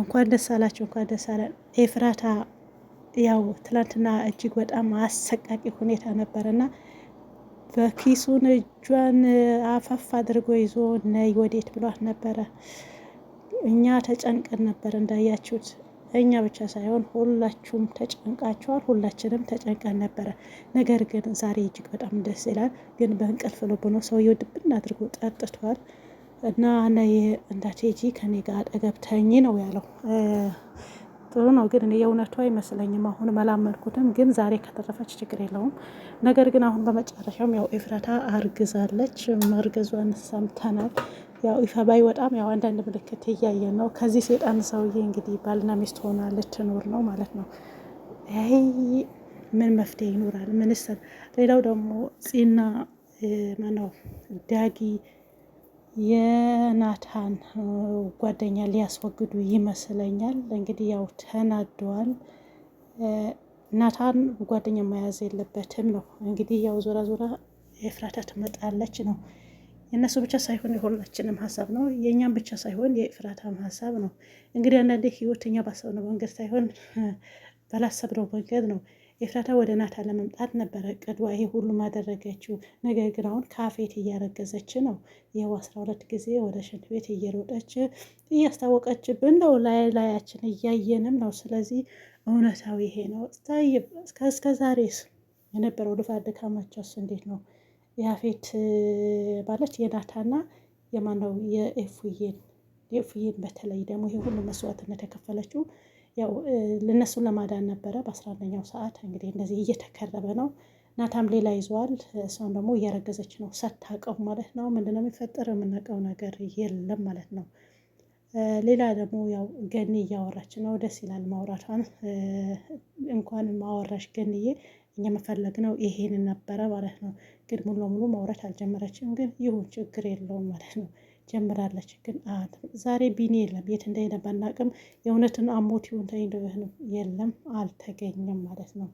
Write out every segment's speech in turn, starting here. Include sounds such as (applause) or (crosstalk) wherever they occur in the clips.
እንኳን ደስ አላችሁ፣ እንኳን ደስ አለን። ኤፍራታ ያው ትላንትና እጅግ በጣም አሰቃቂ ሁኔታ ነበረና በኪሱን እጇን አፈፍ አድርጎ ይዞ ነይ ወዴት ብሏት ነበረ። እኛ ተጨንቀን ነበር እንዳያችሁት። እኛ ብቻ ሳይሆን ሁላችሁም ተጨንቃችኋል። ሁላችንም ተጨንቀን ነበረ። ነገር ግን ዛሬ እጅግ በጣም ደስ ይላል። ግን በእንቅልፍ ልቡ ነው ሰውየው ድብን አድርጎ ጠጥቷል። እና ነይ እንዳትሄጂ ከኔ ጋር አጠገብ ተኝ ነው ያለው። ጥሩ ነው ግን እኔ የእውነቱ አይመስለኝም። አሁን መላመልኩትም ግን ዛሬ ከተረፈች ችግር የለውም። ነገር ግን አሁን በመጨረሻም ያው ኤፍራታ አርግዛለች። መርገዟን ሰምተናል። ያው ይፋ ባይወጣም ያው አንዳንድ ምልክት እያየ ነው። ከዚህ ሴጣን ሰውዬ እንግዲህ ባልና ሚስት ሆና ልትኖር ነው ማለት ነው። ይ ምን መፍትሄ ይኖራል? ምንስል ሌላው ደግሞ ፂና ማነው ዳጊ የናታን ጓደኛ ሊያስወግዱ ይመስለኛል። እንግዲህ ያው ተናደዋል። ናታን ጓደኛ መያዝ የለበትም ነው እንግዲህ ያው ዞራ ዞራ የኤፍራታ ትመጣለች ነው የእነሱ ብቻ ሳይሆን የሁላችንም ሀሳብ ነው። የእኛም ብቻ ሳይሆን የኤፍራታም ሀሳብ ነው። እንግዲህ አንዳንዴ ህይወት እኛ ባሰብነው መንገድ ሳይሆን ባላሰብነው መንገድ ነው ኤፍራታ ወደ ናታ ለመምጣት ነበረ ቅዷ ይሄ ሁሉ አደረገችው። ነገር ግን አሁን ካፌት እያረገዘች ነው። ይኸው አስራ ሁለት ጊዜ ወደ ሽንት ቤት እየሮጠች እያስታወቀችብን ነው፣ ላይ ላያችን እያየንም ነው። ስለዚህ እውነታዊ ይሄ ነው። እስከ ዛሬስ የነበረው ልፋት ድካማቸውስ እንዴት ነው? የአፌት ማለት የናታና የማነው የኤፍዬን የኤፉዬን በተለይ ደግሞ ይሄ ሁሉ መስዋዕትነት የከፈለችው ያው እነሱን ለማዳን ነበረ። በአስራ አንደኛው ሰዓት እንግዲህ እንደዚህ እየተከረበ ነው። ናታም ሌላ ይዘዋል። እሷም ደግሞ እያረገዘች ነው ሳታውቀው ማለት ነው። ምንድን ነው የሚፈጠረው? የምናውቀው ነገር የለም ማለት ነው። ሌላ ደግሞ ያው ገኒ እያወራች ነው። ደስ ይላል ማውራቷን። እንኳን ማወራሽ ገንዬ፣ እኛ መፈለግ ነው ይሄንን ነበረ ማለት ነው። ግን ሙሉ ለሙሉ ማውራት አልጀመረችም። ግን ይሁን ችግር የለውም ማለት ነው። ጀምራለች። ግን ዛሬ ቢኒ የለም፣ የት እንደሄደ ባናቅም የእውነትን አሞት ይሁን ተይንደበህን የለም አልተገኘም ማለት ነው።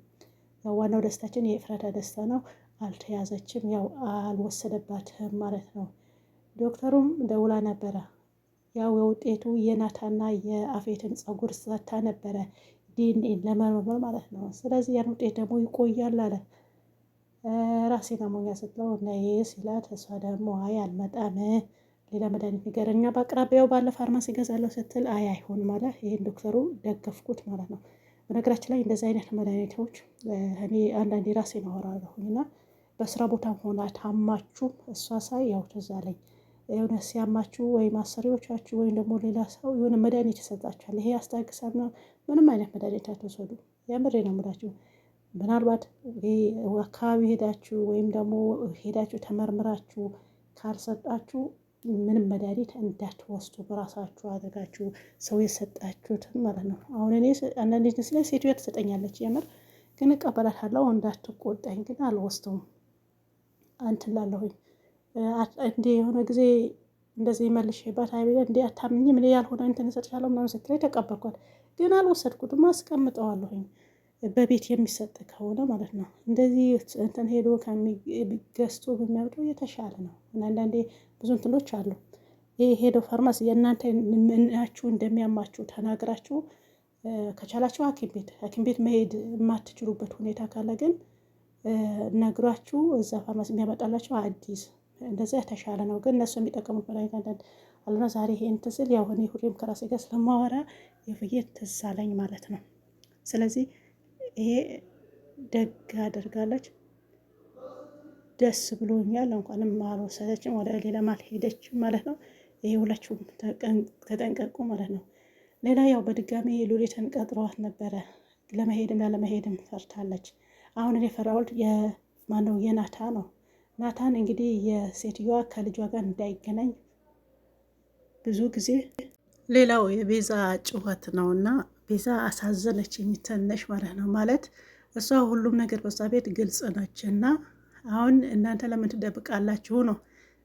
ዋናው ደስታችን የኤፍራታ ደስታ ነው። አልተያዘችም፣ ያው አልወሰደባትም ማለት ነው። ዶክተሩም ደውላ ነበረ። ያው የውጤቱ የናታና የአፌትን ጸጉር ሰታ ነበረ ዲኤንኤ ለመመርመር ማለት ነው። ስለዚህ ያን ውጤት ደግሞ ይቆያል አለ። ራሴን አሞኛል ስትለው ነይ ሲላት እሷ ደግሞ አይ አልመጣም ሌላ መድኃኒት ንገረኝ፣ እኛ በአቅራቢያው ባለ ፋርማሲ ገዛለሁ ስትል አይ አይሆን ማለ ይህን ዶክተሩ ደገፍኩት ማለት ነው። በነገራችን ላይ እንደዚህ አይነት መድኃኒቶች እኔ አንዳንዴ ራሴ ናወራለሁና በስራ ቦታም ሆነ ታማችሁ እሷ ሳይ ያው ትዝ አለኝ የሆነ ሲያማችሁ ወይም አሰሪዎቻችሁ ወይም ደግሞ ሌላ ሰው የሆነ መድኃኒት ይሰጣችኋል። ይሄ ያስታግሳል ነው። ምንም አይነት መድኃኒት አትወሰዱ። የምሬ ነው የምላችሁ። ምናልባት አካባቢ ሄዳችሁ ወይም ደግሞ ሄዳችሁ ተመርምራችሁ ካልሰጣችሁ ምንም መድኃኒት እንዳትወስዱ በራሳችሁ አድርጋችሁ ሰው የሰጣችሁትን ማለት ነው። አሁን እኔ አንዳንድ ጊዜ ላይ ሴትዮዋ ትሰጠኛለች የምር ግን እቀበላታለሁ። እንዳትቆጣኝ ግን አልወስደውም። አንትን ላለሁኝ እንዲ የሆነ ጊዜ እንደዚህ መልሼባት አይ እንዲ አታምኝም እኔ ያልሆነ እንትን እሰጥሻለሁ ምናምን ስትለኝ ተቀበልኳት። ግን አልወሰድኩትም አስቀምጠዋለሁኝ። በቤት የሚሰጥ ከሆነ ማለት ነው። እንደዚህ እንትን ሄዶ ገዝቶ በሚያምጠው የተሻለ ነው። አንዳንዴ ብዙ እንትኖች አሉ። ይህ ሄዶ ፋርማሲ የእናንተ ምናችሁ እንደሚያማችሁ ተናግራችሁ ከቻላችሁ ሐኪም ቤት ሐኪም ቤት መሄድ የማትችሉበት ሁኔታ ካለ ግን ነግሯችሁ እዛ ፋርማሲ የሚያመጣላችሁ አዲስ እንደዚያ የተሻለ ነው። ግን እነሱ የሚጠቀሙት መድኃኒት አንዳንድ አለና ዛሬ ይሄን ትስል ስል ሁሌም ከራሴ ጋር ስለማወራ የፍየት ትዝ አለኝ ማለት ነው። ስለዚህ ይሄ ደግ አድርጋለች ደስ ብሎኛል። እንኳንም አልወሰደችም፣ ወደ ሌላም አልሄደችም ማለት ነው። ይሄ ሁላችሁም ተጠንቀቁ ማለት ነው። ሌላ ያው በድጋሚ ሉሌ ተንቀጥሯት ነበረ። ለመሄድም ላለመሄድም ፈርታለች። አሁን እኔ ፈራሁት የማነው የናታ ነው። ናታን እንግዲህ የሴትዮዋ ከልጇ ጋር እንዳይገናኝ ብዙ ጊዜ ሌላው የቤዛ ጩኸት ነውና ቤዛ አሳዘነች የሚተነሽ ማለት ነው። ማለት እሷ ሁሉም ነገር በዛ ቤት ግልጽ ነች። እና አሁን እናንተ ለምን ትደብቃላችሁ ነው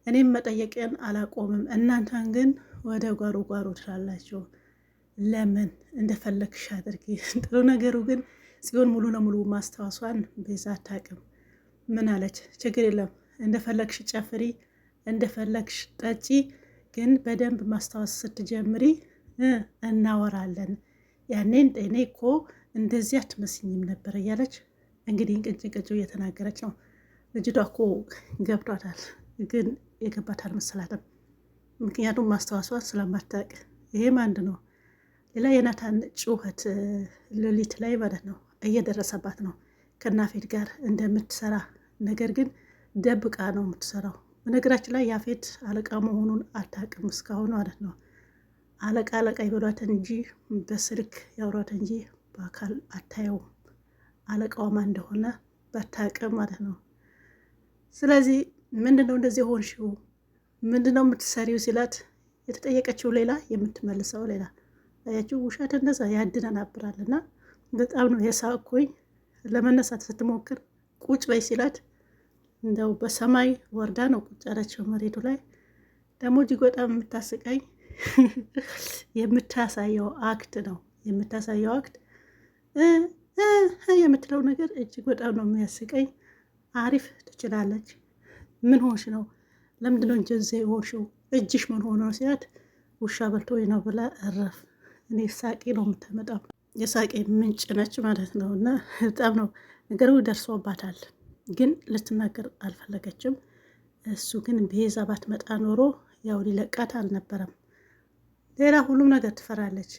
እኔም መጠየቅን አላቆምም። እናንተን ግን ወደ ጓሮ ጓሮ ትላላችሁ። ለምን እንደፈለግሽ አድርጊ። (laughs) ጥሩ ነገሩ ግን ጽዮን ሙሉ ለሙሉ ማስታወሷን ቤዛ አታውቅም። ምን አለች? ችግር የለም እንደፈለግሽ ጨፍሪ፣ እንደፈለግሽ ጠጪ፣ ግን በደንብ ማስታወስ ስትጀምሪ እናወራለን ያኔን እኔ እኮ እንደዚህ አትመስኝም ነበር እያለች እንግዲህ ቅጭቅጭ እየተናገረች ነው። ልጅቷ እኮ ገብቷታል፣ ግን የገባት አልመሰላትም። ምክንያቱም ማስተዋሰዋን ስለማታቅ ይሄም አንድ ነው። ሌላ የናታን ጩኸት ሌሊት ላይ ማለት ነው እየደረሰባት ነው። ከናፌድ ጋር እንደምትሰራ ነገር ግን ደብቃ ነው የምትሰራው። በነገራችን ላይ ያፌት አለቃ መሆኑን አታውቅም እስካሁን ማለት ነው። አለቃ አለቃ ይበሏትን እንጂ በስልክ ያውሯት እንጂ በአካል አታየውም። አለቃዋ ማን እንደሆነ በታቅም ማለት ነው። ስለዚህ ምንድነው እንደዚህ ሆንሽው? ምንድነው የምትሰሪው ሲላት የተጠየቀችው ሌላ የምትመልሰው ሌላ። ያችው ውሸት እንደዛ ያደናብራል። እና በጣም ነው የሳቅኩኝ። ለመነሳት ስትሞክር ቁጭ በይ ሲላት እንደው በሰማይ ወርዳ ነው ቁጭ ያለችው መሬቱ ላይ። ደግሞ እጅግ በጣም የምታስቀኝ (laughs) የምታሳየው አክት ነው የምታሳየው አክት የምትለው ነገር እጅግ በጣም ነው የሚያስቀኝ። አሪፍ ትችላለች። ምን ሆንሽ ነው? ለምንድነው እንጀዜ ሆንሽው? እጅሽ ምን ሆነ ሲላት ውሻ በልቶ ነው ብላ እረፍ። እኔ ሳቄ ነው የምታመጣው፣ የሳቄ ምንጭ ነች ማለት ነው። እና በጣም ነው ነገሩ ደርሶባታል፣ ግን ልትናገር አልፈለገችም። እሱ ግን ቤዛ ባትመጣ ኖሮ ያው ሊለቃት አልነበረም። ሌላ ሁሉም ነገር ትፈራለች።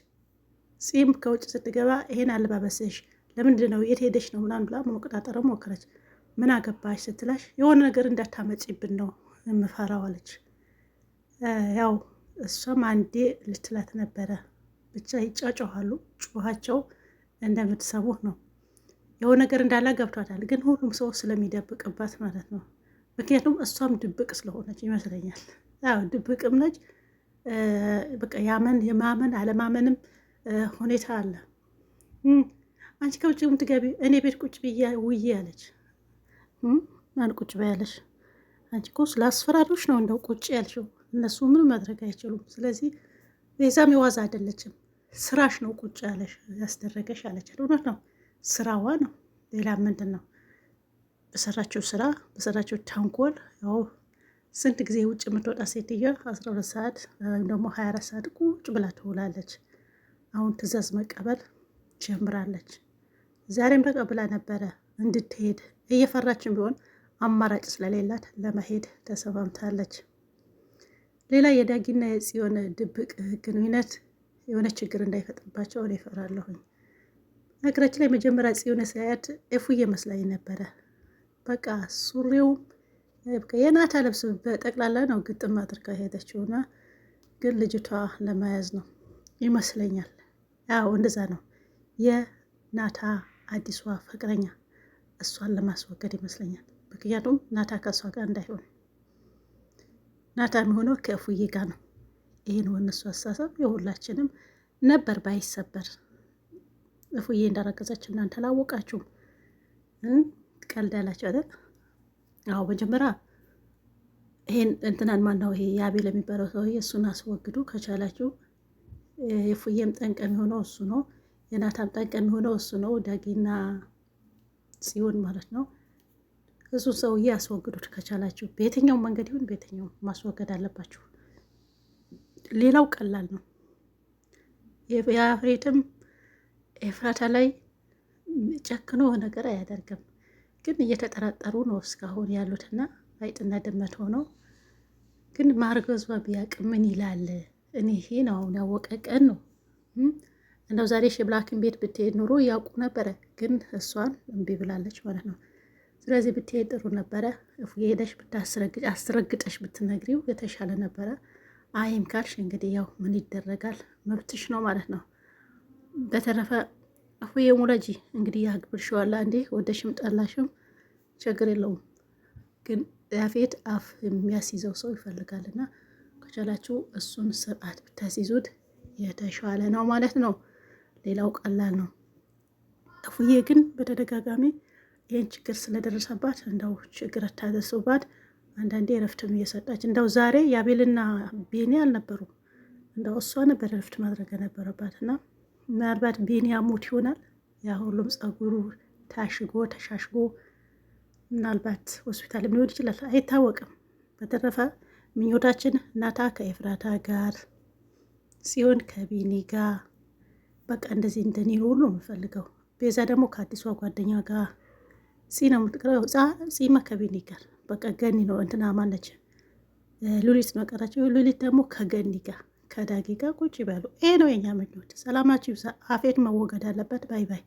ፂም ከውጭ ስትገባ ይሄን አለባበስሽ ለምንድን ነው የት ሄደሽ ነው ምናምን ብላ መቆጣጠር ሞክረች። ምን አገባሽ ስትላሽ የሆነ ነገር እንዳታመጪብን ነው የምፈራው አለች። ያው እሷም አንዴ ልትላት ነበረ። ብቻ ይጫጫኋሉ። ጩኋቸው እንደምትሰሙህ ነው። የሆነ ነገር እንዳላ ገብቷታል፣ ግን ሁሉም ሰው ስለሚደብቅባት ማለት ነው። ምክንያቱም እሷም ድብቅ ስለሆነች ይመስለኛል። ያው ድብቅም ነች። በቃ ያመን የማመን አለማመንም ሁኔታ አለ። አንቺ ከውጭ የምትገቢ እኔ ቤት ቁጭ ብዬ ውዬ ያለች ማን ቁጭ በያለሽ? አንቺ እኮ ለአስፈራሪዎች ነው እንደው ቁጭ ያልሽው። እነሱ ምን ማድረግ አይችሉም። ስለዚህ ቤዛም የዋዛ አይደለችም። ስራሽ ነው ቁጭ ያለሽ ያስደረገሽ አለች። እውነት ነው፣ ስራዋ ነው። ሌላ ምንድን ነው? በሰራችው ስራ በሰራችው ተንኮል ያው ስንት ጊዜ ውጭ የምትወጣ ሴትዮ አስራ ሁለት ሰዓት ወይም ደግሞ ሀያ አራት ሰዓት ቁጭ ብላ ትውላለች። አሁን ትእዛዝ መቀበል ጀምራለች። ዛሬም በቃ ብላ ነበረ እንድትሄድ እየፈራችን ቢሆን አማራጭ ስለሌላት ለመሄድ ተሰማምታለች። ሌላ የዳጊና የጽዮን ድብቅ ግንኙነት የሆነ ችግር እንዳይፈጥርባቸው እኔ እፈራለሁኝ። ነገራችን ላይ መጀመሪያ ጽዮን ሳያት እፉዬ መስላኝ ነበረ። በቃ ሱሪውም የናታ ልብስ በጠቅላላ ነው ግጥም አድርጋ ሄደችውና ግን ልጅቷ ለመያዝ ነው ይመስለኛል። ያው እንደዛ ነው። የናታ አዲሷ ፍቅረኛ እሷን ለማስወገድ ይመስለኛል። ምክንያቱም ናታ ከእሷ ጋር እንዳይሆን ናታ የሚሆነው ከእፉዬ ጋር ነው። ይህን እነሱ አስተሳሰብ የሁላችንም ነበር ባይሰበር እፉዬ እንዳረገዘች እናንተ አላወቃችሁም። ቀልድ አይደል? አዎ መጀመሪያ ይሄን እንትናን ማነው ይሄ የአቤል የሚባለው ሰው እሱን አስወግዱ ከቻላችሁ። የፉዬም ጠንቅ የሚሆነው እሱ ነው። የናታም ጠንቅ የሚሆነው እሱ ነው። ዳጊና ጽዮን ማለት ነው። እሱ ሰውዬ አስወግዱት ከቻላችሁ። በየትኛው መንገድ ይሁን በየትኛው ማስወገድ አለባችሁ። ሌላው ቀላል ነው። የአፍሬትም ኤፍራታ ላይ ጨክኖ ነገር አያደርግም። ግን እየተጠራጠሩ ነው እስካሁን ያሉትና አይጥና ድመት ሆነው ግን ማርገዟ ቢያቅ ምን ይላል? እኔ ይሄ ነው አሁን ያወቀ ቀን ነው። እንደው ዛሬ ሽብላክን ቤት ብትሄድ ኑሮ እያውቁ ነበረ። ግን እሷን እምቢ ብላለች ማለት ነው። ስለዚህ ብትሄድ ጥሩ ነበረ። የሄደሽ አስረግጠሽ ብትነግሪው የተሻለ ነበረ። አይም ካልሽ እንግዲህ ያው ምን ይደረጋል፣ መብትሽ ነው ማለት ነው። በተረፈ አፉ የሙረጂ እንግዲህ ያግብርሽዋላ እንዴ ወደሽም ጠላሽም ችግር የለውም። ግን ያፌት አፍ የሚያስይዘው ሰው ይፈልጋልና ከቻላችሁ እሱን ስርዓት ብታስይዙት የተሻለ ነው ማለት ነው። ሌላው ቀላል ነው። አፉዬ ግን በተደጋጋሚ ይህን ችግር ስለደረሰባት እንደው ችግር አታደርሱባት። አንዳንዴ ረፍትም እየሰጣች እንደው ዛሬ የአቤልና ቤኔ አልነበሩም እንደው እሷ ነበር ረፍት ማድረግ የነበረባት እና ምናልባት ቤኒያ ሞት ይሆናል። ያ ሁሉም ጸጉሩ ታሽጎ ተሻሽጎ ምናልባት ሆስፒታል ሊሆን ይችላል፣ አይታወቅም። በተረፈ ምኞታችን እናታ ከኤፍራታ ጋር ሲሆን ከቤኒ ጋር በቃ እንደዚህ እንደኔ ሁሉ የምፈልገው ቤዛ ደግሞ ከአዲሷ ጓደኛ ጋር ሲ ነው የምትቀረው። ጺማ ከቤኒ ጋር በቃ ገኒ ነው እንትና ማነች ሉሊት ነው ቀራቸው። ሉሊት ደግሞ ከገኒ ጋር ከዳጊ ጋር ቁጭ ይበሉ። ይሄ ነው የኛ ምኞት። ሰላማችሁ ይብዛ። አፌት መወገድ አለበት። ባይ ባይ